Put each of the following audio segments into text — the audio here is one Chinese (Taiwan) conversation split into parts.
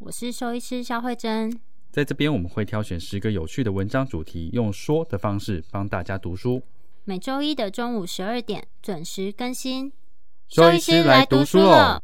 我是獸醫師蕭慧珍，在這邊我們會挑選十個有趣的文章主題，用說的方式幫大家讀書。每週一的中午十二點準時更新，獸醫師來讀書了。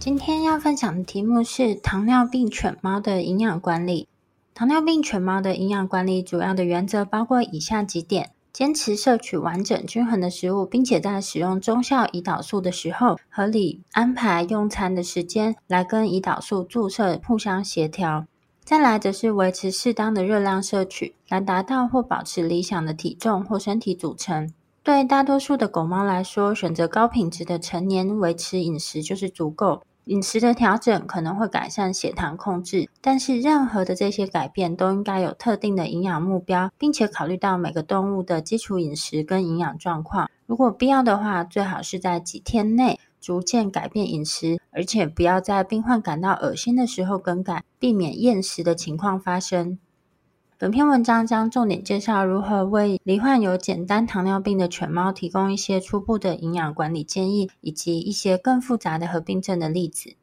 今天要分享的題目是糖尿病犬貓的營養管理。糖尿病犬貓的營養管理主要的原則包括以下幾點：堅持攝取完整均衡的食物，並且在使用中效胰島素的時候，合理安排用餐的時間，來跟胰島素注射互相協調。再來則是維持適當的熱量攝取，來達到或保持理想的體重或身體組成。對大多數的狗貓來說，選擇高品質的成年維持飲食就是足夠。飲食的調整可能會改善血糖控制，但是任何的這些改變都應該有特定的營養目標，並且考慮到每個動物的基礎飲食跟營養狀況。如果必要的話，最好是在幾天內逐漸改變飲食，而且不要在病患感到惡心的時候更改，避免厭食的情況發生。本篇文章將重點介紹如何為罹患有簡單糖尿病的犬貓提供一些初步的營養管理建議，以及一些更複雜的合併症的例子。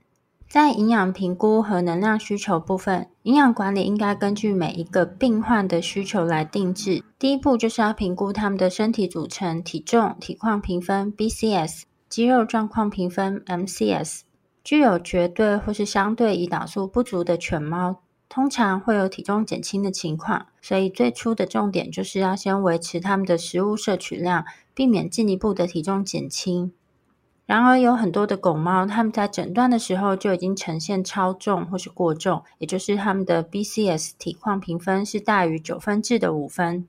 在營養評估和能量需求部分，營養管理應該根據每一個病患的需求來定制。第一步就是要評估他們的身體組成、體重、體況評分 （BCS）、肌肉狀況評分 （MCS）。具有絕對或是相對胰島素不足的犬貓。通常會有體重減輕的情況，所以最初的重點就是要先維持他們的食物攝取量，避免進一步的體重減輕。然而，有很多的狗貓，他們在診斷的時候就已經呈現超重或是過重，也就是他們的 BCS 體況評分是大於九分制的五分。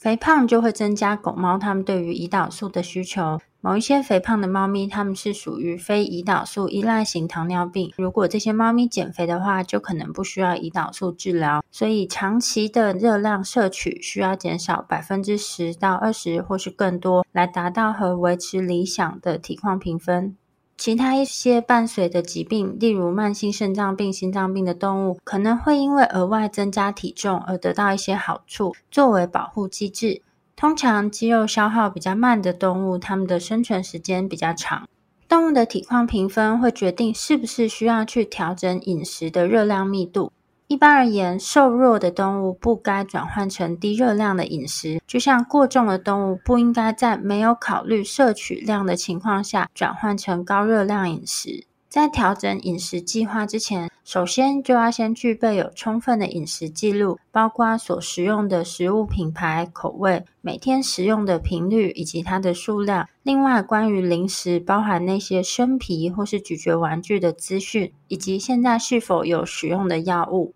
肥胖就會增加狗貓它們對於胰島素的需求。某一些肥胖的貓咪，它們是屬於非胰島素依賴型糖尿病。如果這些貓咪減肥的話，就可能不需要胰島素治療。所以，長期的熱量攝取需要減少百分之十到二十，或是更多，來達到和維持理想的體況評分。其他一些伴隨的疾病，例如慢性腎臟病、心臟病的動物，可能會因為額外增加體重而得到一些好處，作為保護機制。通常肌肉消耗比較慢的動物，它們的生存時間比較長。動物的體況評分會決定是不是需要去調整飲食的熱量密度。一般而言，瘦弱的動物不該轉換成低熱量的飲食，就像過重的動物不應該在沒有考慮攝取量的情況下轉換成高熱量飲食。在調整飲食計劃之前，首先就要先具備有充分的飲食記錄，包括所食用的食物品牌、口味、每天食用的頻率以及它的數量。另外，關於零食，包含那些生皮或是咀嚼玩具的資訊，以及現在是否有使用的藥物。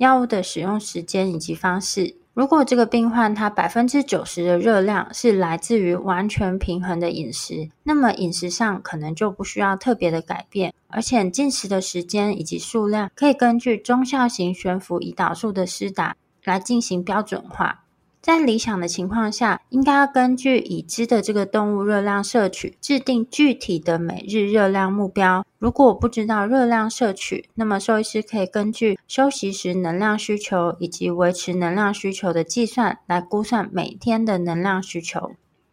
藥物的使用時間以及方式。如果這個病患他百分之九十的熱量是來自於完全平衡的飲食，那麼飲食上可能就不需要特別的改變，而且進食的時間以及數量可以根據中效型懸浮胰島素的施打來進行標準化。在理想的情況下，應該要根據已知的這個動物熱量攝取，制定具體的每日熱量目標。如果我不知道熱量攝取，那麼獸醫師可以根據休息時能量需求以及維持能量需求的計算，來估算每天的能量需求。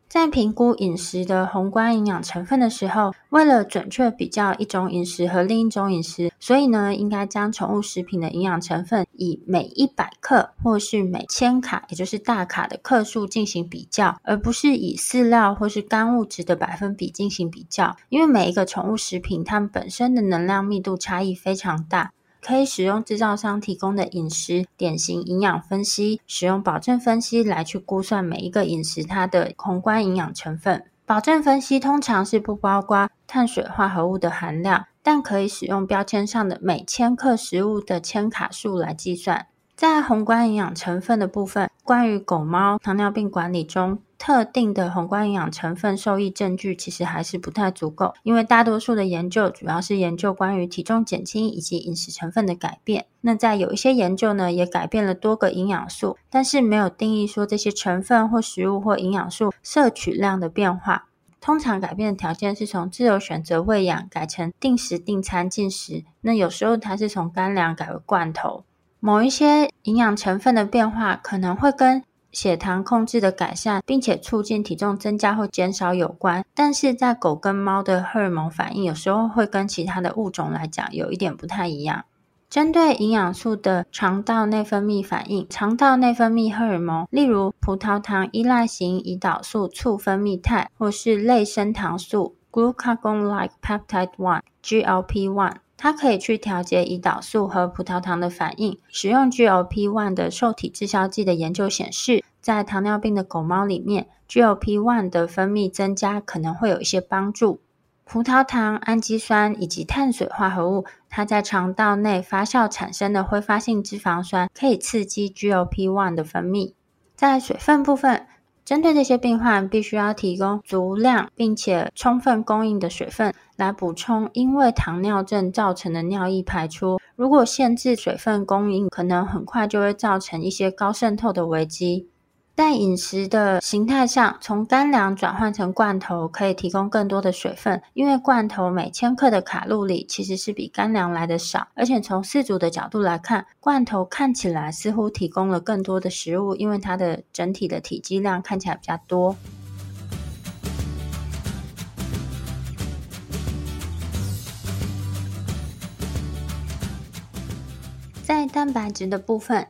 在評估飲食的宏觀營養成分的時候，為了準確比較一種飲食和另一種飲食，所以呢，應該將寵物食品的營養成分以每一百克或是每千卡（也就是大卡）的克數進行比較，而不是以飼料或是乾物質的百分比進行比較。因為每一個寵物食品，它們本身的能量密度差異非常大。可以使用製造商提供的飲食典型營養分析，使用保證分析來去估算每一個飲食它的宏觀營養成分。保證分析通常是不包括碳水化合物的含量，但可以使用標籤上的每千克食物的千卡數來計算。在宏觀營養成分的部分。關於狗貓糖尿病管理中特定的宏觀營養成分受益證據，其實還是不太足夠。因為大多數的研究主要是研究關於體重減輕以及飲食成分的改變。那在有一些研究呢，也改變了多個營養素，但是沒有定義說這些成分或食物或營養素攝取量的變化。通常改變的條件是從自由選擇餵養改成定時定餐進食。那有時候它是從乾糧改為罐頭。某一些營養成分的變化，可能會跟血糖控制的改善，並且促進體重增加或減少有關。但是在狗跟貓的荷爾蒙反應，有時候會跟其他的物種來講有一點不太一樣。針對營養素的腸道內分泌反應，腸道內分泌荷爾蒙，例如葡萄糖依賴型胰島素促分泌肽，或是類升糖素 （glucagon-like peptide one, GLP-1）。它可以去調節胰島素和葡萄糖的反應。使用 GLP-1 的受體致效劑的研究顯示，在糖尿病的狗貓裡面，GLP-1 的分泌增加可能會有一些幫助。葡萄糖、氨基酸以及碳水化合物，它在腸道內發酵產生的揮發性脂肪酸，可以刺激 GLP-1 的分泌。在水分部分，針對這些病患，必須要提供足量並且充分供應的水分，來補充因為糖尿症造成的尿液排出。如果限制水分供應，可能很快就會造成一些高滲透的危機。在飲食的形態上，從乾糧轉換成罐頭可以提供更多的水分，因為罐頭每千克的卡路里其實是比乾糧來的少，而且從飼主的角度來看，罐頭看起來似乎提供了更多的食物，因為它的整體的體積量看起來比較多。在蛋白質的部分，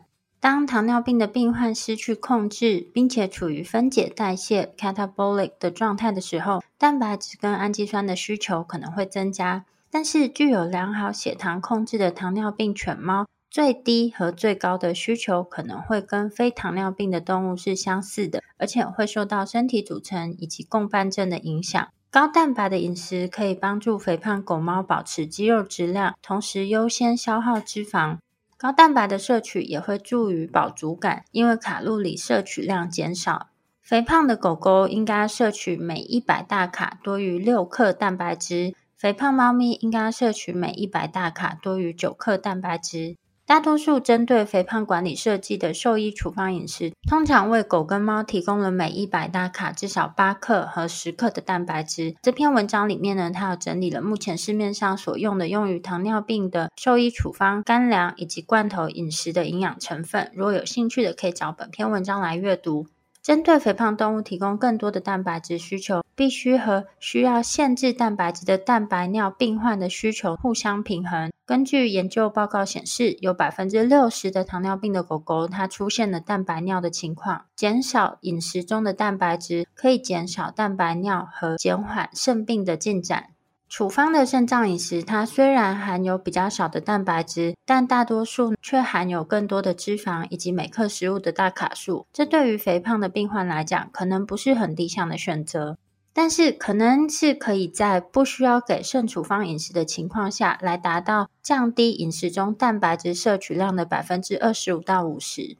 當糖尿病的病患失去控制，並且處於分解代謝 （catabolic） 的狀態的時候，蛋白質跟氨基酸的需求可能會增加。但是，具有良好血糖控制的糖尿病犬貓，最低和最高的需求可能會跟非糖尿病的動物是相似的，而且會受到身體組成以及共伴症的影響。高蛋白的飲食可以幫助肥胖狗貓保持肌肉質量，同時優先消耗脂肪。高蛋白的攝取也會助於飽足感，因為卡路里攝取量減少。肥胖的狗狗應該攝取每一百大卡多於六克蛋白質，肥胖貓咪應該攝取每一百大卡多於九克蛋白質。大多數針對肥胖管理設計的獸醫處方飲食，通常為狗跟貓提供了每一百大卡至少八克和十克的蛋白質。這篇文章裡面呢，它有整理了目前市面上所用的用於糖尿病的獸醫處方乾糧以及罐頭飲食的營養成分。如果有興趣的，可以找本篇文章來閱讀。針對肥胖動物提供更多的蛋白質需求。必須和需要限制蛋白質的蛋白尿病患的需求互相平衡。根據研究報告顯示，有60，有百分之六十的糖尿病的狗狗它出現了蛋白尿的情況。減少飲食中的蛋白質可以減少蛋白尿和減緩腎病的進展。處方的腎臟飲食它雖然含有比較少的蛋白質，但大多數卻含有更多的脂肪以及每克食物的大卡數。這對於肥胖的病患來講，可能不是很理想的選擇。但是，可能是可以在不需要給腎處方飲食的情況下來達到降低飲食中蛋白質攝取量的百分之二十五到五十。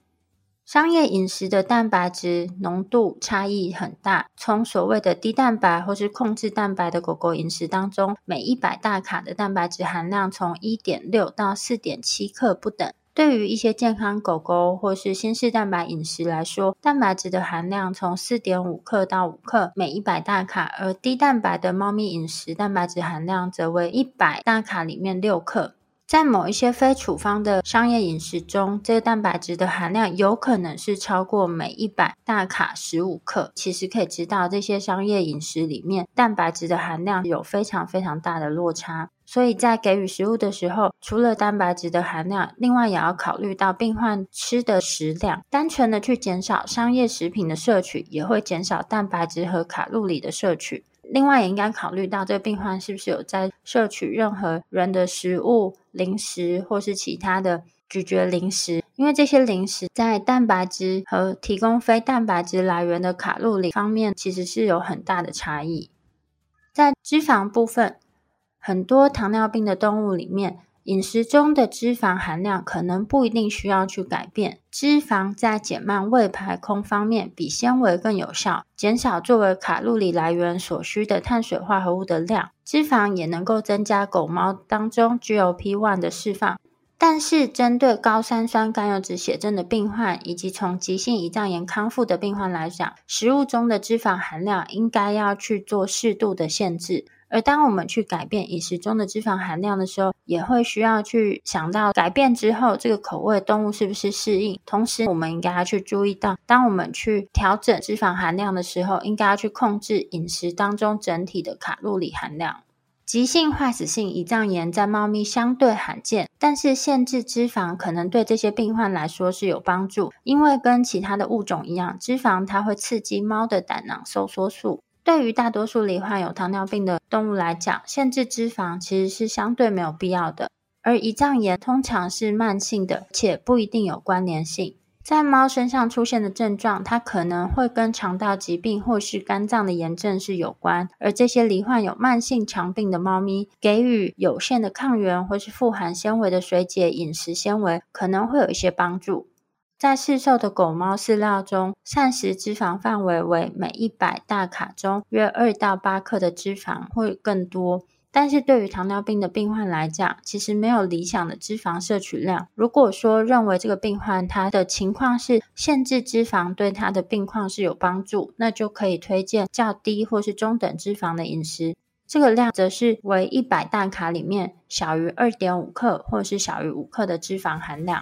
商業飲食的蛋白質濃度差異很大，從所謂的低蛋白或是控制蛋白的狗狗飲食當中，每一百大卡的蛋白質含量從一點六到四點七克不等。對於一些健康狗狗或是新式蛋白飲食來說，蛋白質的含量從四點五克到五克每一百大卡；而低蛋白的貓咪飲食蛋白質含量則為一百大卡裡面六克。在某一些非處方的商業飲食中，這個蛋白質的含量有可能是超過每一百大卡十五克。其實可以知道，這些商業飲食裡面蛋白質的含量有非常非常大的落差。所以在給予食物的時候，除了蛋白質的含量，另外也要考慮到病患吃的食量。單純的去減少商業食品的攝取，也會減少蛋白質和卡路里的攝取。另外，也應該考慮到這個病患是不是有在攝取任何人的食物、零食或是其他的咀嚼零食，因為這些零食在蛋白質和提供非蛋白質來源的卡路里方面，其實是有很大的差異。在脂肪部分，很多糖尿病的動物裡面，飲食中的脂肪含量可能不一定需要去改變。脂肪在減慢胃排空方面比纖維更有效，減少作為卡路里來源所需的碳水化合物的量。脂肪也能夠增加狗貓當中 GLP-1 的釋放。但是，針對高三酸甘油脂血症的病患以及從急性胰臟炎康復的病患來講，食物中的脂肪含量應該要去做適度的限制。而當我們去改變飲食中的脂肪含量的時候，也會需要去想到改變之後這個口味動物是不是適應。同時，我們應該要去注意到，當我們去調整脂肪含量的時候，應該要去控制飲食當中整體的卡路里含量。急性壞死性胰臟炎在貓咪相對罕見，但是限制脂肪可能對這些病患來說是有幫助，因為跟其他的物種一樣，脂肪它會刺激貓的膽囊收縮素。對於大多數罹患有糖尿病的動物來講，限制脂肪其實是相對沒有必要的。而胰臟炎通常是慢性的，且不一定有關聯性。在貓身上出現的症狀，它可能會跟腸道疾病或是肝臟的炎症是有關。而這些罹患有慢性腸病的貓咪，給予有限的抗原或是富含纖維的水解飲食纖維，可能會有一些幫助。在市售的狗貓飼料中，膳食脂肪範圍為每一百大卡中約二到八克的脂肪會更多。但是對於糖尿病的病患來講，其實沒有理想的脂肪攝取量。如果說認為這個病患他的情況是限制脂肪對他的病況是有幫助，那就可以推薦較低或是中等脂肪的飲食。這個量則是為一百大卡裡面小於二點五克或是小於五克的脂肪含量。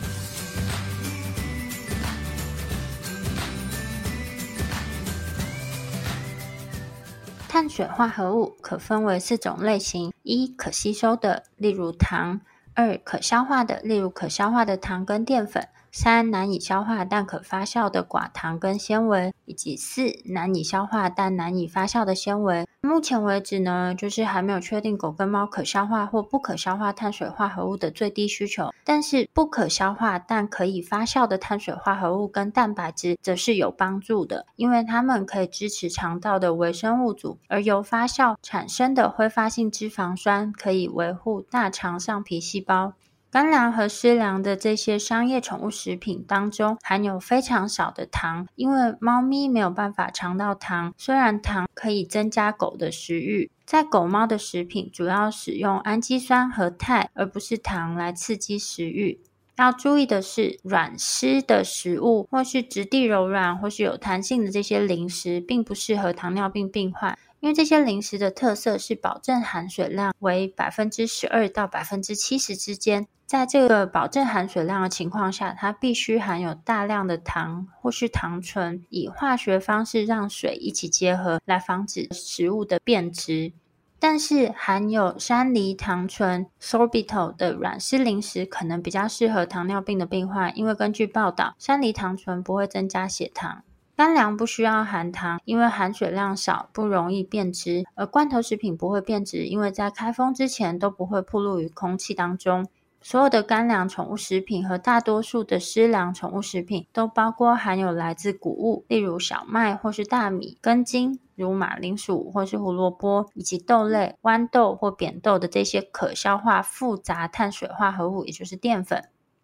碳水化合物可分為四種類型：一、可吸收的，例如糖；二、可消化的，例如可消化的糖跟澱粉。三，難以消化但可發酵的寡糖跟纖維，以及四，難以消化但難以發酵的纖維。目前為止呢，就是還沒有確定狗跟貓可消化或不可消化碳水化合物的最低需求。但是不可消化但可以發酵的碳水化合物跟蛋白質則是有幫助的，因為它們可以支持腸道的微生物組，而由發酵產生的揮發性脂肪酸可以維護大腸上皮細胞。乾糧和濕糧的這些商業寵物食品當中含有非常少的糖，因為貓咪沒有辦法嘗到糖。雖然糖可以增加狗的食欲，在狗貓的食品主要使用氨基酸和肽，而不是糖來刺激食欲。要注意的是，軟濕的食物或是質地柔軟或是有彈性的這些零食，並不適合糖尿病病患。因為這些零食的特色是保證含水量為百分之十二到百分之七十之間，在這個保證含水量的情況下，它必須含有大量的糖或是糖醇，以化學方式讓水一起結合，來防止食物的變質。但是含有山梨糖醇 （sorbitol） 的軟式零食可能比較適合糖尿病的病患，因為根據報道，山梨糖醇不會增加血糖。乾糧不需要含糖，因為含水量少，不容易變質；而罐頭食品不會變質，因為在開封之前都不會暴露於空氣當中。所有的乾糧寵物食品和大多數的濕糧寵物食品都包括含有來自穀物，例如小麥或是大米，根莖如馬鈴薯或是胡蘿蔔，以及豆類、豌豆或扁豆的這些可消化複雜碳水化合物，也就是澱粉。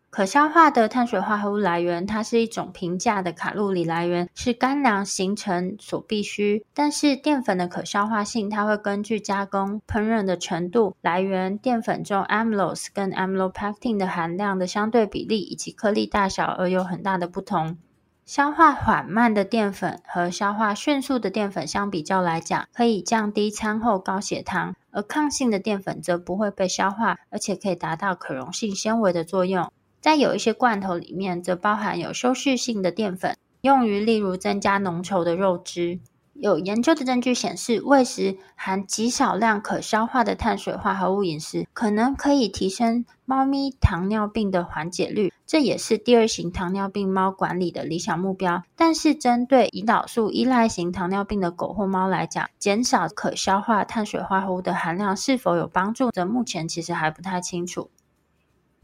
可消化的碳水化合物來源，它是一種平價的卡路里來源，是乾糧形成所必需。但是澱粉的可消化性，它會根據加工、烹飪的程度、來源、澱粉中 amylose 跟 amylopectin 的含量的相對比例以及顆粒大小而有很大的不同。消化緩慢的澱粉和消化迅速的澱粉相比較來講，可以降低餐後高血糖；而抗性的澱粉則不會被消化，而且可以達到可溶性纖維的作用。但有一些罐頭裡面則包含有修飾性的澱粉，用於例如增加濃稠的肉汁。有研究的證據顯示，餵食含極少量可消化的碳水化合物飲食，可能可以提升貓咪糖尿病的緩解率，這也是第二型糖尿病貓管理的理想目標。但是，針對胰島素依賴型糖尿病的狗或貓來講，減少可消化碳水化合物的含量是否有幫助，則目前其實還不太清楚。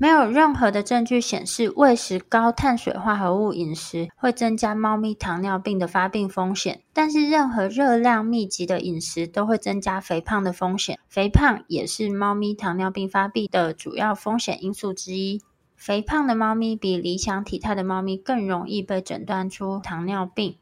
沒有任何的證據顯示餵食高碳水化合物飲食會增加貓咪糖尿病的發病風險，但是任何熱量密集的飲食都會增加肥胖的風險。肥胖也是貓咪糖尿病發病的主要風險因素之一。肥胖的貓咪比理想體態的貓咪更容易被診斷出糖尿病。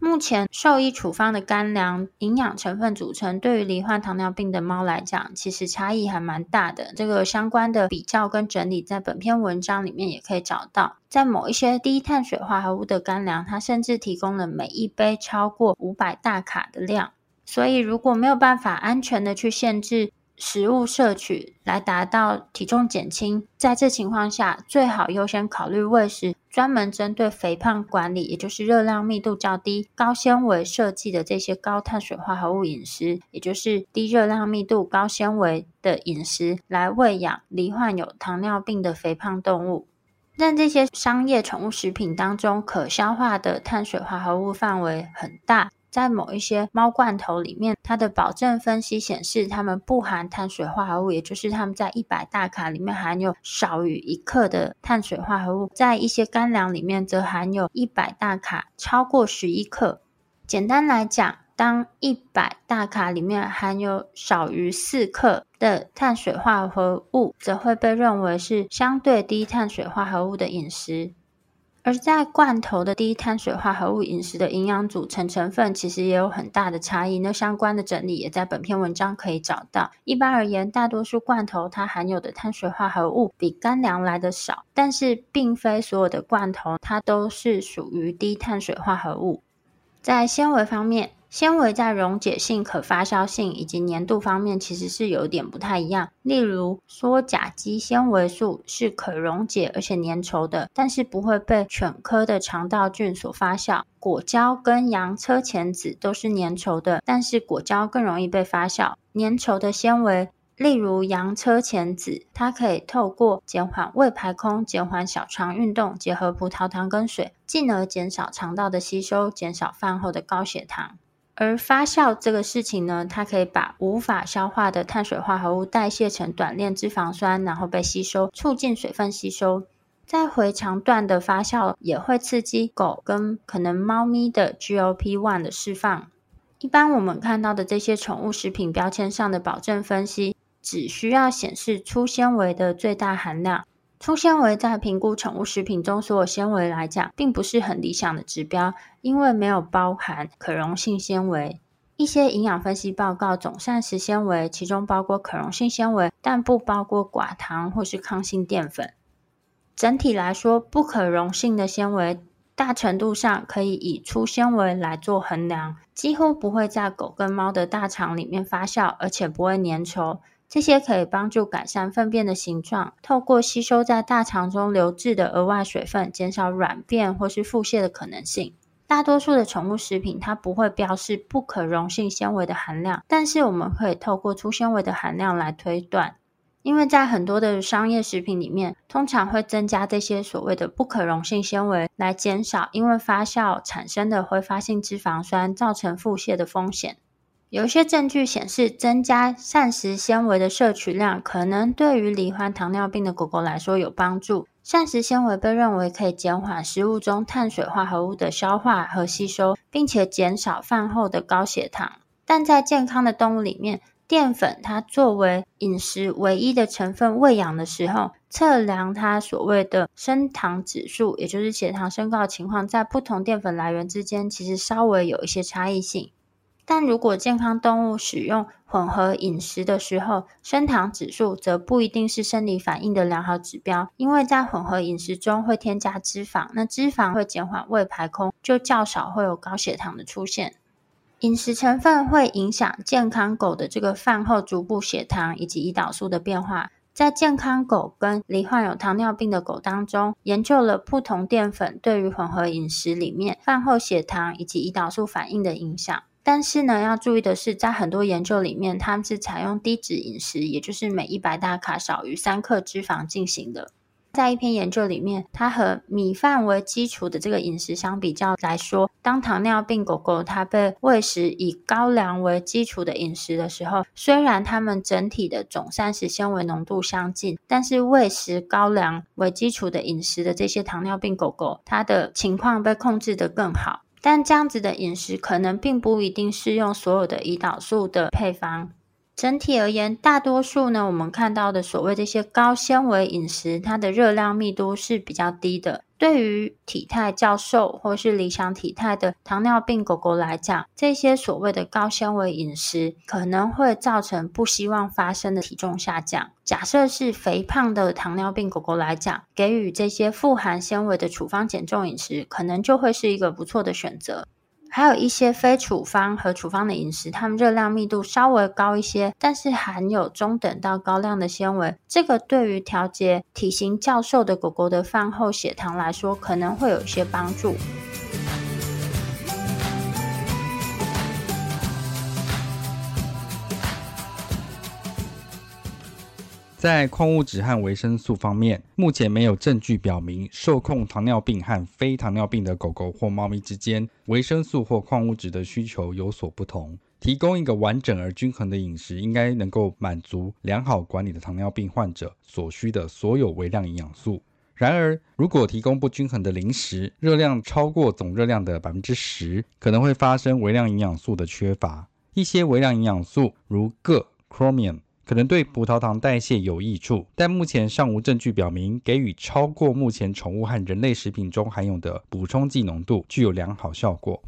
目前獸醫處方的乾糧營養成分組成，對於罹患糖尿病的貓來講，其實差異還蠻大的。這個相關的比較跟整理，在本篇文章裡面也可以找到。在某一些低碳水化合物的乾糧，它甚至提供了每一杯超過五百大卡的量。所以，如果沒有辦法安全的去限制食物攝取來達到體重減輕，在這情況下，最好優先考慮餵食專門針對肥胖管理，也就是熱量密度較低、高纖維設計的這些高碳水化合物飲食，也就是低熱量密度、高纖維的飲食來餵養罹患有糖尿病的肥胖動物。但這些商業寵物食品當中，可消化的碳水化合物範圍很大。在某一些貓罐頭裡面，它的保證分析顯示，它們不含碳水化合物，也就是它們在一百大卡裡面含有少於一克的碳水化合物。在一些乾糧裡面，則含有一百大卡超過十一克。簡單來講，當一百大卡裡面含有少於四克的碳水化合物，則會被認為是相對低碳水化合物的飲食。而在罐頭的低碳水化合物飲食的營養組成成分，其實也有很大的差異。那相關的整理也在本篇文章可以找到。一般而言，大多數罐頭它含有的碳水化合物比乾糧來的少，但是並非所有的罐頭它都是屬於低碳水化合物。在纖維方面。纖維在溶解性、可發酵性以及粘度方面，其實是有點不太一樣。例如，羧甲基纖維素是可溶解而且粘稠的，但是不會被犬科的腸道菌所發酵。果膠跟洋車前子都是粘稠的，但是果膠更容易被發酵。粘稠的纖維，例如洋車前子，它可以透過減緩胃排空、減緩小腸運動，結合葡萄糖跟水，進而減少腸道的吸收，減少飯後的高血糖。而發酵這個事情呢，它可以把無法消化的碳水化合物代謝成短鏈脂肪酸，然後被吸收，促進水分吸收。在回腸段的發酵也會刺激狗跟可能貓咪的 GLP-1 的釋放。一般我們看到的這些寵物食品標籤上的保證分析，只需要顯示粗纖維的最大含量。粗纖維在評估寵物食品中所有纖維來講，並不是很理想的指標，因為沒有包含可溶性纖維。一些營養分析報告總膳食纖維，其中包括可溶性纖維，但不包括寡糖或是抗性澱粉。整體來說，不可溶性的纖維大程度上可以以粗纖維來做衡量，幾乎不會在狗跟貓的大腸裡面發酵，而且不會粘稠。這些可以幫助改善糞便的形狀，透過吸收在大腸中留置的額外水分，減少軟便或是腹瀉的可能性。大多數的寵物食品它不會標示不可溶性纖維的含量，但是我們可以透過粗纖維的含量來推斷，因為在很多的商業食品裡面，通常會增加這些所謂的不可溶性纖維，來減少因為發酵產生的揮發性脂肪酸造成腹瀉的風險。有一些證據顯示，增加膳食纖維的攝取量可能對於罹患糖尿病的狗狗來說有幫助。膳食纖維被認為可以減緩食物中碳水化合物的消化和吸收，並且減少飯後的高血糖。但在健康的動物裡面，澱粉它作為飲食唯一的成分餵養的時候，測量它所謂的升糖指數，也就是血糖升高的情況，在不同澱粉來源之間，其實稍微有一些差異性。但如果健康動物使用混合飲食的時候，升糖指數則不一定是生理反應的良好指標，因為在混合飲食中會添加脂肪，那脂肪會減緩胃排空，就較少會有高血糖的出現。飲食成分會影響健康狗的這個飯後逐步血糖以及胰島素的變化。在健康狗跟罹患有糖尿病的狗當中，研究了不同澱粉對於混合飲食裡面飯後血糖以及胰島素反應的影響。但是呢，要注意的是，在很多研究裡面，他們是採用低脂飲食，也就是每一百大卡少於三克脂肪進行的。在一篇研究裡面，它和米飯為基礎的這個飲食相比較來說，當糖尿病狗狗它被餵食以高粱為基礎的飲食的時候，雖然它們整體的總膳食纖維濃度相近，但是餵食高粱為基礎的飲食的這些糖尿病狗狗，它的情況被控制得更好。但這樣子的飲食可能並不一定適用所有的胰島素的配方。整體而言，大多數呢，我們看到的所謂這些高纖維飲食，它的熱量密度是比較低的。對於體態較瘦或是理想體態的糖尿病狗狗來講，這些所謂的高纖維飲食可能會造成不希望發生的體重下降。假設是肥胖的糖尿病狗狗來講，給予這些富含纖維的處方減重飲食，可能就會是一個不錯的選擇。還有一些非處方和處方的飲食，它們熱量密度稍微高一些，但是含有中等到高量的纖維。這個對於調節體型較瘦的狗狗的飯後血糖來說，可能會有一些幫助。在礦物質和維生素方面，目前沒有證據表明受控糖尿病和非糖尿病的狗狗或貓咪之間維生素或礦物質的需求有所不同。提供一個完整而均衡的飲食，應該能夠滿足良好管理的糖尿病患者所需的所有微量營養素。然而，如果提供不均衡的零食，熱量超過總熱量的百分之十，可能會發生微量營養素的缺乏。一些微量營養素，如鉻 （chromium）。Chrom ium, 可能對葡萄糖代謝有益處，但目前尚無證據表明給予超過目前寵物和人類食品中含有的補充劑濃度具有良好效果。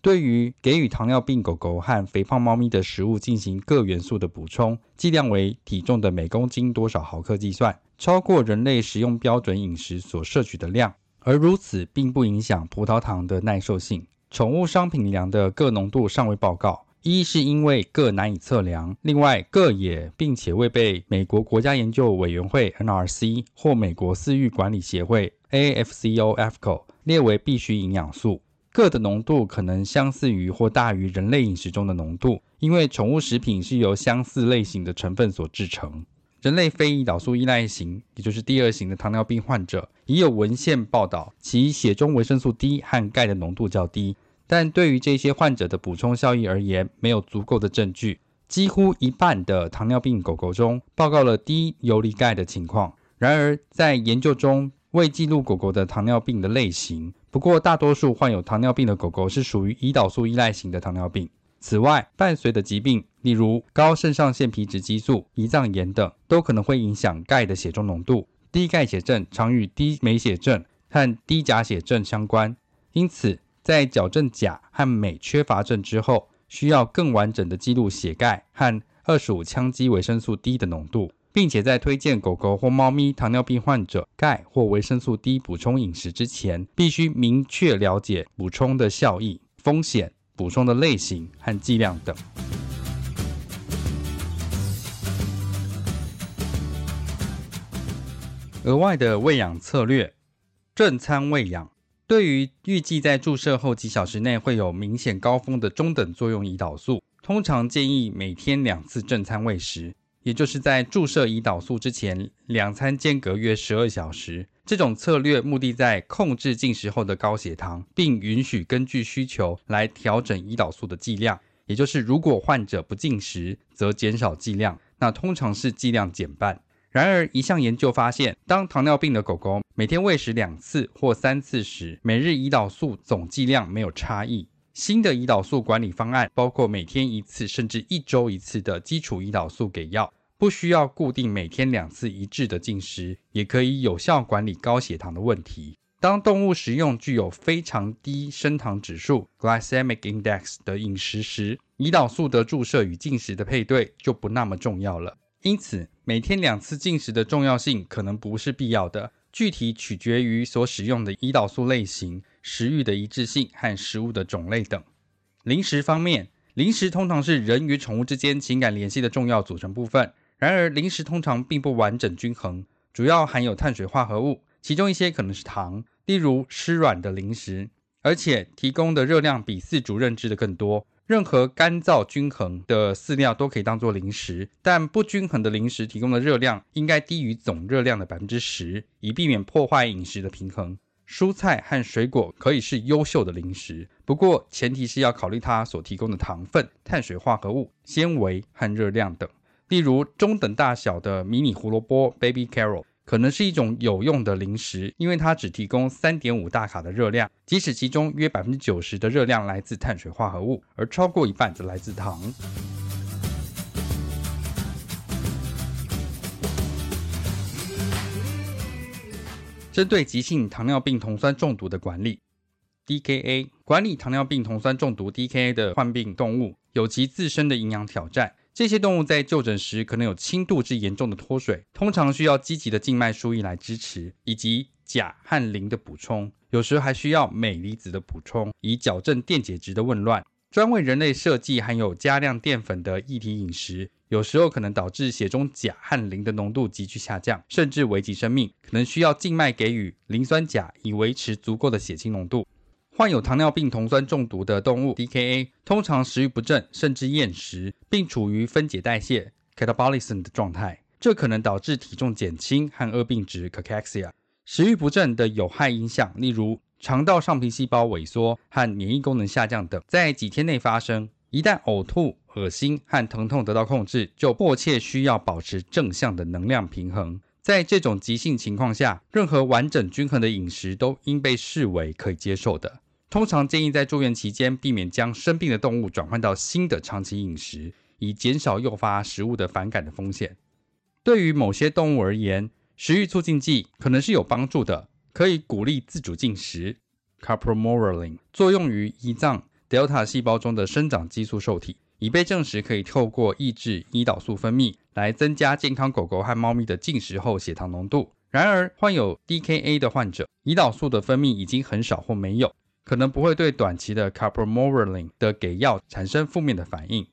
對於給予糖尿病狗狗和肥胖貓咪的食物進行各元素的補充，劑量為體重的每公斤多少毫克計算，超過人類食用標準飲食所攝取的量，而如此並不影響葡萄糖的耐受性。寵物商品糧的各濃度尚未報告。一是因為鉻難以測量，另外鉻也並且未被美國國家研究委員會 （NRC） 或美國飼育管理協會 AFCO FCO 列為必需營養素。鉻的濃度可能相似於或大於人類飲食中的濃度，因為寵物食品是由相似類型的成分所製成。人類非胰島素依賴型，也就是第二型的糖尿病患者，已有文獻報道其血中維生素 D 和鈣的濃度較低。但對於這些患者的補充效益而言，沒有足夠的證據。幾乎一半的糖尿病狗狗中報告了低游離鈣的情況。然而，在研究中未記錄狗狗的糖尿病的類型。不過，大多數患有糖尿病的狗狗是屬於胰島素依賴型的糖尿病。此外，伴隨的疾病，例如高腎上腺皮質激素、胰臟炎等，都可能會影響鈣的血中濃度。低鈣血症常與低鎂血症和低鉀血症相關，因此，在矯正鉀和鎂缺乏症，之後，需要更完整的記錄血鈣和二十五羥基維生素 D 的濃度，並且在推薦狗狗或貓咪糖尿病患者鈣或維生素 D 補充飲食之前，必須明確了解補充的效益、風險、補充的類型和劑量等。額外的餵養策略：正餐餵養。對於預計在注射後幾小時內會有明顯高峰的中等作用胰島素，通常建議每天兩次正餐餵食，也就是在注射胰島素之前兩餐間隔約十二小時。這種策略目的在控制進食後的高血糖，并允許根據需求來調整胰島素的劑量，也就是如果患者不進食，則減少劑量，那通常是劑量減半。然而，一項研究發現，當糖尿病的狗狗每天餵食兩次或三次時，每日胰島素總劑量沒有差異。新的胰島素管理方案包括每天一次甚至一週一次的基礎胰島素給藥，不需要固定每天兩次一致的進食，也可以有效管理高血糖的問題。當動物食用具有非常低升糖指數 （glycemic index） 的飲食時，胰島素的注射與進食的配對就不那麼重要了。因此，每天兩次進食的重要性可能不是必要的，具體取決於所使用的胰島素類型、食欲的一致性和食物的種類等。零食方面，零食通常是人與寵物之間情感聯繫的重要組成部分。然而，零食通常並不完整均衡，主要含有碳水化合物，其中一些可能是糖，例如濕軟的零食，而且提供的熱量比飼主認知的更多。任何乾燥均衡的飼料都可以當做零食，但不均衡的零食提供的熱量應該低於總熱量的百分之十，以避免破壞飲食的平衡。蔬菜和水果可以是優秀的零食，不過前提是要考慮它所提供的糖分、碳水化合物、纖維和熱量等。例如中等大小的迷你胡蘿蔔 （baby c a r r o l 可能是一種有用的零食，因為它只提供三點五大卡的熱量，即使其中約百分之九十的熱量來自碳水化合物，而超過一半則來自糖。針 對急性糖尿病酮酸中毒的管理 （DKA），管理糖尿病酮酸中毒 （DKA） 的患病動物有其自身的營養挑戰。這些動物在就診時可能有輕度至嚴重的脫水，通常需要積極的靜脈輸液來支持，以及鉀和磷的補充，有時候還需要鎂離子的補充以矯正電解質的紊亂。專為人類設計含有加量澱粉的液體飲食，有時候可能導致血中鉀和磷的濃度急劇下降，甚至危及生命，可能需要靜脈給予磷酸鉀以維持足夠的血清濃度。患有糖尿病酮酸中毒的動物，DKA，通常食慾不振，甚至厭食，並處於分解代謝 （catabolism） 的狀態，這可能導致體重減輕和惡病值 c a c h e x i a 食慾不振的有害影響，例如腸道上皮細胞萎縮和免疫功能下降等，在幾天內發生。一旦嘔吐、噁心和疼痛得到控制，就迫切需要保持正向的能量平衡。在這種急性情況下，任何完整均衡的飲食都應被視為可以接受的。通常建議在住院期間避免將生病的動物轉換到新的長期飲食，以減少誘發食物的反感的風險。對於某些動物而言，食欲促進劑可能是有幫助的，可以鼓勵自主進食。Capromorelin 作用於胰臟 Delta 細胞中的生長激素受體，已被證實可以透過抑制胰島素分泌來增加健康狗狗和貓咪的進食後血糖濃度。然而，患有 DKA 的患者，胰島素的分泌已經很少或沒有。可能不會對短期的 capromorelin 的給藥產生負面的反應。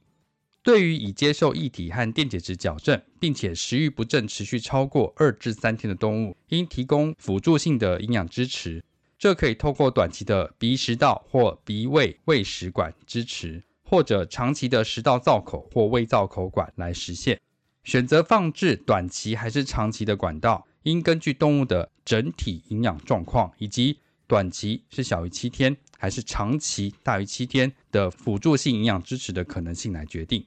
對於已接受液體和電解質矯正，並且食欲不振持續超過二至三天的動物，應提供輔助性的營養支持。這可以透過短期的鼻食道或鼻胃胃食管支持，或者長期的食道造口或胃造口管來實現。選擇放置短期還是長期的管道，應根據動物的整體營養狀況以及，短期是小於七天，還是長期大於七天的輔助性營養支持的可能性來決定。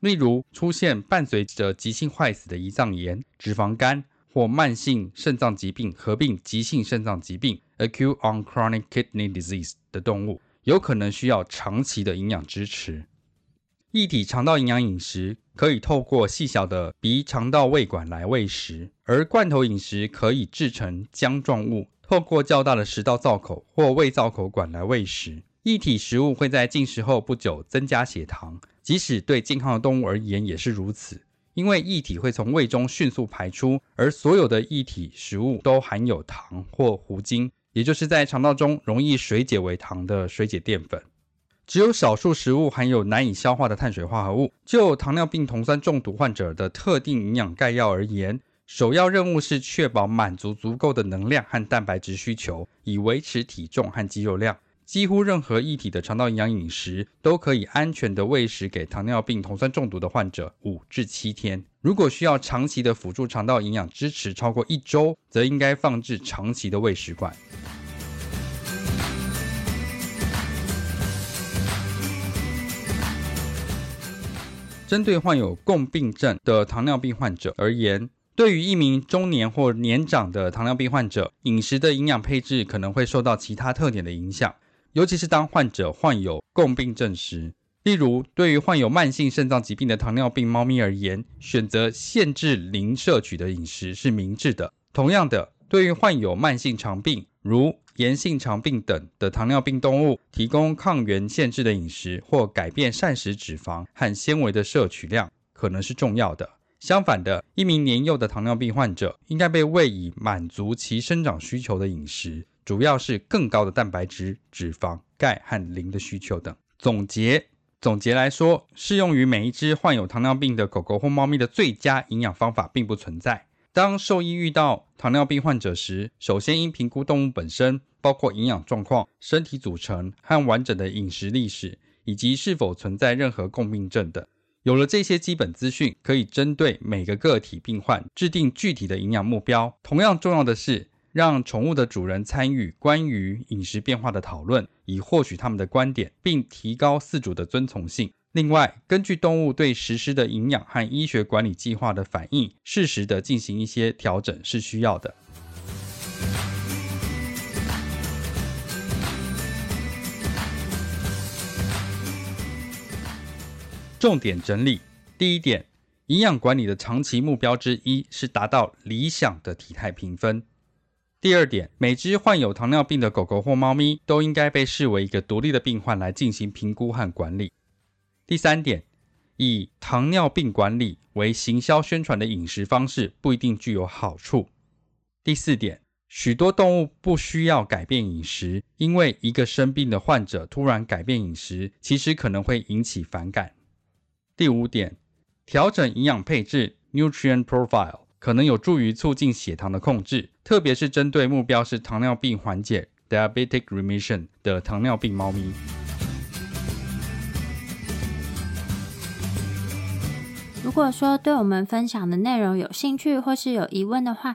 例如，出現伴隨着急性壞死的胰臟炎、脂肪肝或慢性腎臟疾病合併急性腎臟疾病 （acute on chronic kidney disease） 的動物，有可能需要長期的營養支持。液體腸道營養飲食可以透過細小的鼻腸道胃管來餵食，而罐頭飲食可以製成漿狀物。透過較大的食道造口或胃造口管來餵食，液體食物會在進食後不久增加血糖，即使對健康的動物而言也是如此。因為液體會從胃中迅速排出，而所有的液體食物都含有糖或糊精，也就是在腸道中容易水解為糖的水解澱粉。只有少數食物含有難以消化的碳水化合物。就糖尿病酮酸中毒患者的特定營養概要而言。首要任務是確保滿足足夠的能量和蛋白質需求，以維持體重和肌肉量。幾乎任何一體的腸道營養飲食都可以安全的餵食給糖尿病酮酸中毒的患者，五至七天。如果需要長期的輔助腸道營養支持超過一周，則應該放置長期的餵食管。 針對患有共病症的糖尿病患者而言，對於一名中年或年長的糖尿病患者，飲食的營養配置可能會受到其他特點的影響，尤其是當患者患有共病症時。例如，對於患有慢性腎臟疾病的糖尿病貓咪而言，選擇限制磷攝取的飲食是明智的。同樣的，對於患有慢性腸病，如炎性腸病等的糖尿病動物，提供抗原限制的飲食或改變膳食脂肪和纖維的攝取量，可能是重要的。相反的，一名年幼的糖尿病患者應該被餵以滿足其生長需求的飲食，主要是更高的蛋白質、脂肪、鈣和磷的需求等。總結總結來說，適用於每一隻患有糖尿病的狗狗或貓咪的最佳營養方法並不存在。當獸醫遇到糖尿病患者時，首先應評估動物本身，包括營養狀況、身體組成和完整的飲食歷史，以及是否存在任何共病症等。有了這些基本資訊，可以針對每個個體病患制定具體的營養目標。同樣重要的是，讓寵物的主人參與關於飲食變化的討論，以獲取他們的觀點，並提高飼主的遵從性。另外，根據動物對實施的營養和醫學管理計劃的反應，適時的進行一些調整是需要的。重點整理，第一點，營養管理的長期目標之一是達到理想的體態評分。第二點，每隻患有糖尿病的狗狗或貓咪都應該被視為一個獨立的病患來進行評估和管理。第三點，以糖尿病管理為行銷宣傳的飲食方式不一定具有好處。第四點，許多動物不需要改變飲食，因為一個生病的患者突然改變飲食，其實可能會引起反感。第五點，調整營養配置 （Nutrient Profile） 可能有助於促進血糖的控制，特別是針對目標是糖尿病緩解 （Diabetic Remission） 的糖尿病貓咪。如果說對我們分享的內容有興趣或是有疑問的話，